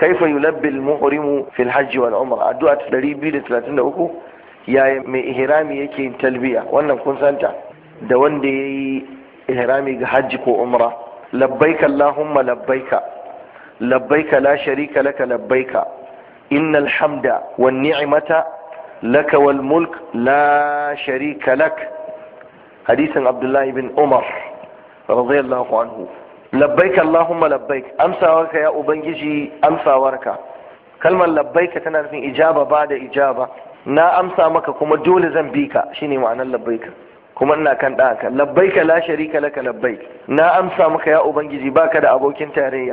kaifa yulabbil muhrimu fil hajji wal umra addu'a 233 yaya mai ihrami yake yin talbiya wannan kun santa da wanda yayi ihrami ga hajji ko umra labbaika allahumma labbayka, labbayka la sharika laka labbayka, innal hamda wan ni'mata laka wal mulk la sharika lak hadisin abdullahi bin umar radiyallahu anhu labbaik Allahumma labbaik amsawarka ya ubangiji amsawarka kalmar labbaika tana nufin ijaba ba da ijaba na amsa maka kuma dole zan bi ka shine ma'anar labbaika kuma ina kan ɗaka labbaika la sharika laka labbaik na amsa maka ya ubangiji baka da abokin tarayya